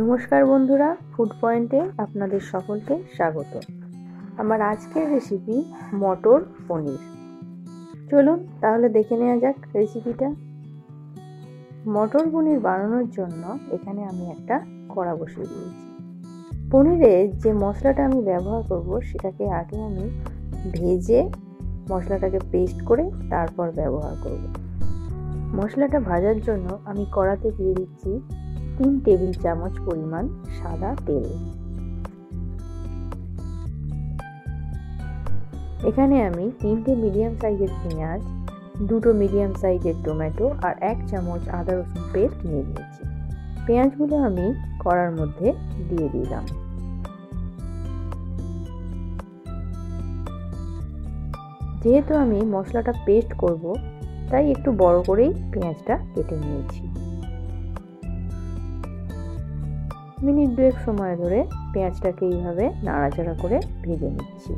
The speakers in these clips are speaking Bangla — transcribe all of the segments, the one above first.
নমস্কার বন্ধুরা ফুড পয়েন্টে আপনাদের সকলকে স্বাগত আমার আজকের রেসিপি মটর পনির চলুন তাহলে দেখে নেওয়া যাক রেসিপিটা মটর পনির বানানোর জন্য এখানে আমি একটা কড়া বসিয়ে দিয়েছি পনিরে যে মশলাটা আমি ব্যবহার করব সেটাকে আগে আমি ভেজে মশলাটাকে পেস্ট করে তারপর ব্যবহার করব মশলাটা ভাজার জন্য আমি কড়াতে দিয়ে দিচ্ছি তিন টেবিল চামচ পরিমাণ সাদা তেল এখানে আমি তিনটে মিডিয়াম সাইজের পেঁয়াজ দুটো মিডিয়াম সাইজের টমেটো আর এক চামচ আদা রসুন পেস্ট নিয়ে নিয়েছি পেঁয়াজগুলো আমি কড়ার মধ্যে দিয়ে দিলাম যেহেতু আমি মশলাটা পেস্ট করব তাই একটু বড় করেই পেঁয়াজটা কেটে নিয়েছি মিনিট দুয়েক সময় ধরে পেঁয়াজটাকে এইভাবে নাড়াচাড়া করে ভেজে নিচ্ছি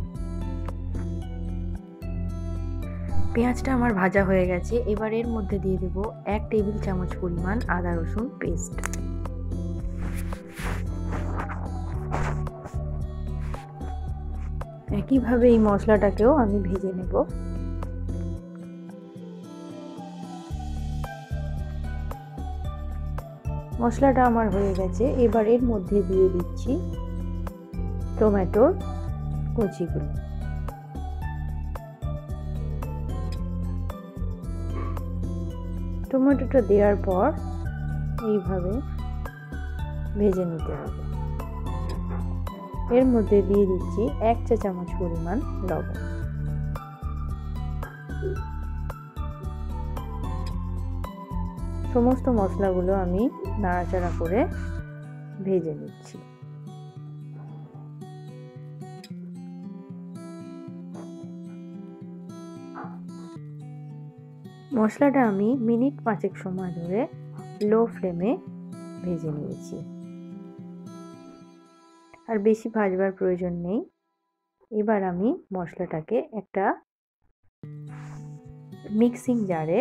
পেঁয়াজটা আমার ভাজা হয়ে গেছে এবার এর মধ্যে দিয়ে দেবো এক টেবিল চামচ পরিমাণ আদা রসুন পেস্ট একইভাবে এই মশলাটাকেও আমি ভেজে নেব মশলাটা আমার হয়ে গেছে এবার এর মধ্যে দিয়ে দিচ্ছি টমেটোর কুচিগুলো টমেটোটা দেওয়ার পর এইভাবে ভেজে নিতে হবে এর মধ্যে দিয়ে দিচ্ছি এক চা চামচ পরিমাণ লবণ সমস্ত মশলাগুলো আমি নাড়াচাড়া করে ভেজে নিচ্ছি মশলাটা আমি মিনিট পাঁচেক সময় ধরে লো ফ্লেমে ভেজে নিয়েছি আর বেশি ভাজবার প্রয়োজন নেই এবার আমি মশলাটাকে একটা মিক্সিং জারে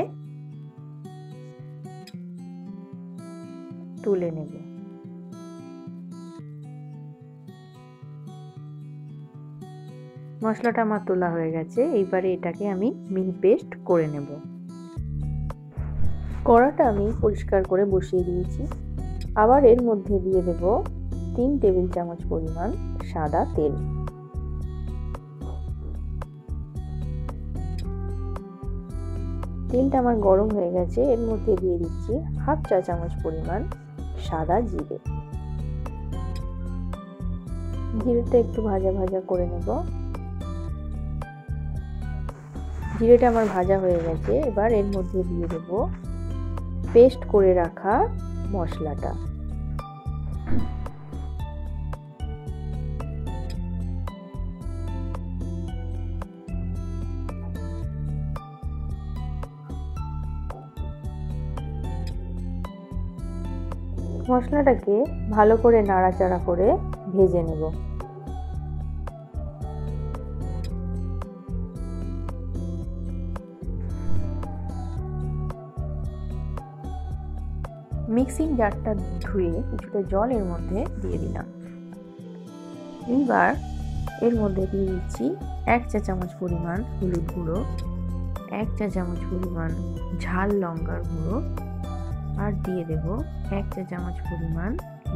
তুলে নেব মশলাটা আমার তোলা হয়ে গেছে এইবারে এটাকে আমি মিহি পেস্ট করে নেব কড়াটা আমি পরিষ্কার করে বসিয়ে দিয়েছি আবার এর মধ্যে দিয়ে দেব তিন টেবিল চামচ পরিমাণ সাদা তেল তেলটা আমার গরম হয়ে গেছে এর মধ্যে দিয়ে দিচ্ছি হাফ চা চামচ পরিমাণ সাদা জিরে জিরেটা একটু ভাজা ভাজা করে নেব জিরেটা আমার ভাজা হয়ে গেছে এবার এর মধ্যে দিয়ে দেব পেস্ট করে রাখা মশলাটা মশলাটাকে ভালো করে নাড়াচাড়া করে ভেজে নেব মিক্সিং জারটা ধুয়ে কিছুটা জল এর মধ্যে দিয়ে দিলাম এইবার এর মধ্যে দিয়ে দিচ্ছি এক চা চামচ পরিমাণ হলুদ গুঁড়ো এক চা চামচ পরিমাণ ঝাল লঙ্কার গুঁড়ো আর দিয়ে দেব এক চা চামচ পরিমাণ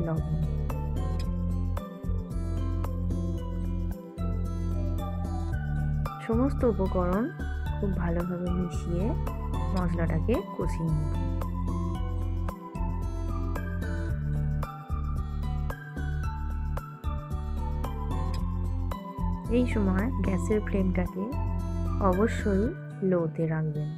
লবণ সমস্ত উপকরণ খুব ভালোভাবে মিশিয়ে মশলাটাকে কষিয়ে নেব এই সময় গ্যাসের ফ্লেমটাকে অবশ্যই লোতে রাখবেন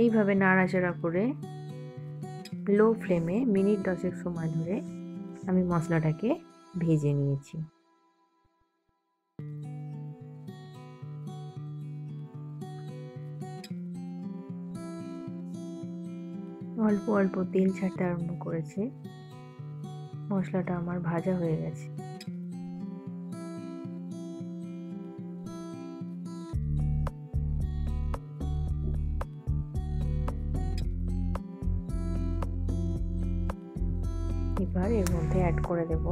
এইভাবে নাড়াচাড়া করে লো ফ্লেমে মিনিট দশেক সময় ধরে আমি মশলাটাকে ভেজে নিয়েছি অল্প অল্প তেল ছাড়তে আরম্ভ করেছে মশলাটা আমার ভাজা হয়ে গেছে এবার এর মধ্যে অ্যাড করে দেব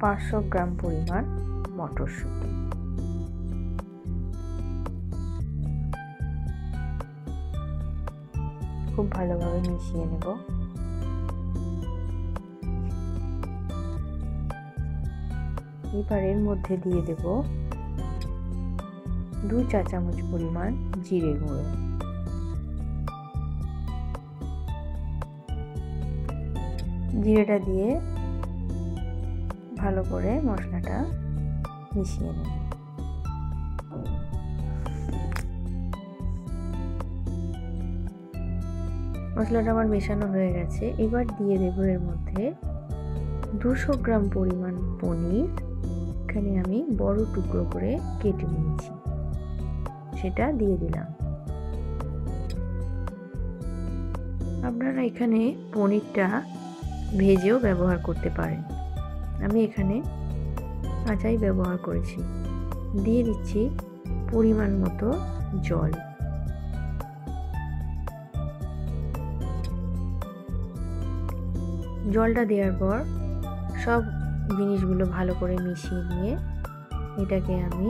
পাঁচশো গ্রাম পরিমাণ মটরশুঁটি খুব ভালোভাবে মিশিয়ে নেব এবার এর মধ্যে দিয়ে দেব দু চা চামচ পরিমাণ জিরে গুঁড়ো জিরেটা দিয়ে ভালো করে মশলাটা মিশিয়ে নেব মশলাটা আমার মেশানো হয়ে গেছে এবার দিয়ে দেবো এর মধ্যে দুশো গ্রাম পরিমাণ পনির এখানে আমি বড় টুকরো করে কেটে নিয়েছি সেটা দিয়ে দিলাম আপনারা এখানে পনিরটা ভেজেও ব্যবহার করতে পারেন আমি এখানে কাঁচাই ব্যবহার করেছি দিয়ে দিচ্ছি পরিমাণ মতো জল জলটা দেওয়ার পর সব জিনিসগুলো ভালো করে মিশিয়ে নিয়ে এটাকে আমি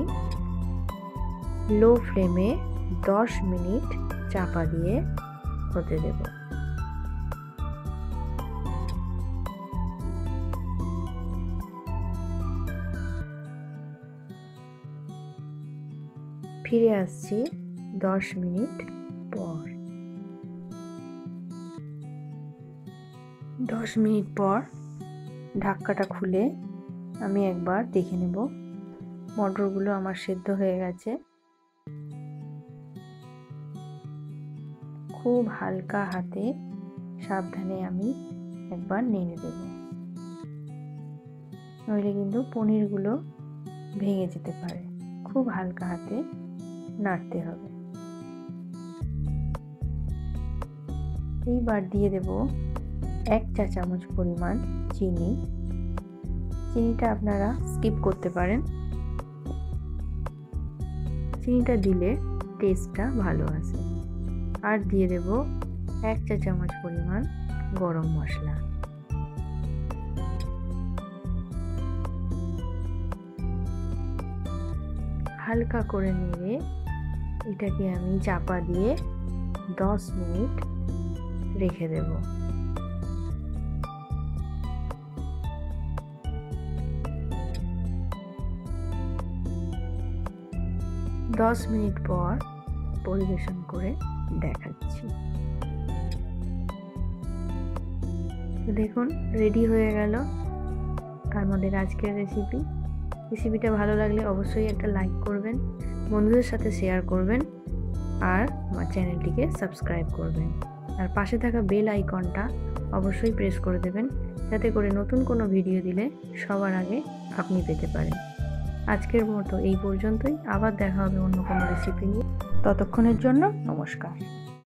লো ফ্লেমে দশ মিনিট চাপা দিয়ে হতে দেবো ফিরে আসছি দশ মিনিট পর দশ মিনিট পর ঢাক্কাটা খুলে আমি একবার দেখে নেব মটরগুলো আমার সেদ্ধ হয়ে গেছে খুব হালকা হাতে সাবধানে আমি একবার নেড়ে দেব নইলে কিন্তু পনিরগুলো ভেঙে যেতে পারে খুব হালকা হাতে নাড়তে হবে এইবার দিয়ে দেব এক চা চামচ পরিমাণ চিনি চিনিটা আপনারা স্কিপ করতে পারেন চিনিটা দিলে টেস্টটা ভালো আছে আর দিয়ে দেব এক চা চামচ পরিমাণ গরম মশলা হালকা করে নেড়ে এটাকে আমি চাপা দিয়ে দশ মিনিট রেখে দেব দশ মিনিট পর পরিবেশন করে দেখাচ্ছি দেখুন রেডি হয়ে গেল আমাদের আজকের রেসিপি রেসিপিটা ভালো লাগলে অবশ্যই একটা লাইক করবেন বন্ধুদের সাথে শেয়ার করবেন আর আমার চ্যানেলটিকে সাবস্ক্রাইব করবেন আর পাশে থাকা বেল আইকনটা অবশ্যই প্রেস করে দেবেন যাতে করে নতুন কোনো ভিডিও দিলে সবার আগে আপনি পেতে পারেন আজকের মতো এই পর্যন্তই আবার দেখা হবে অন্য কোনো রেসিপি নিয়ে ততক্ষণের জন্য নমস্কার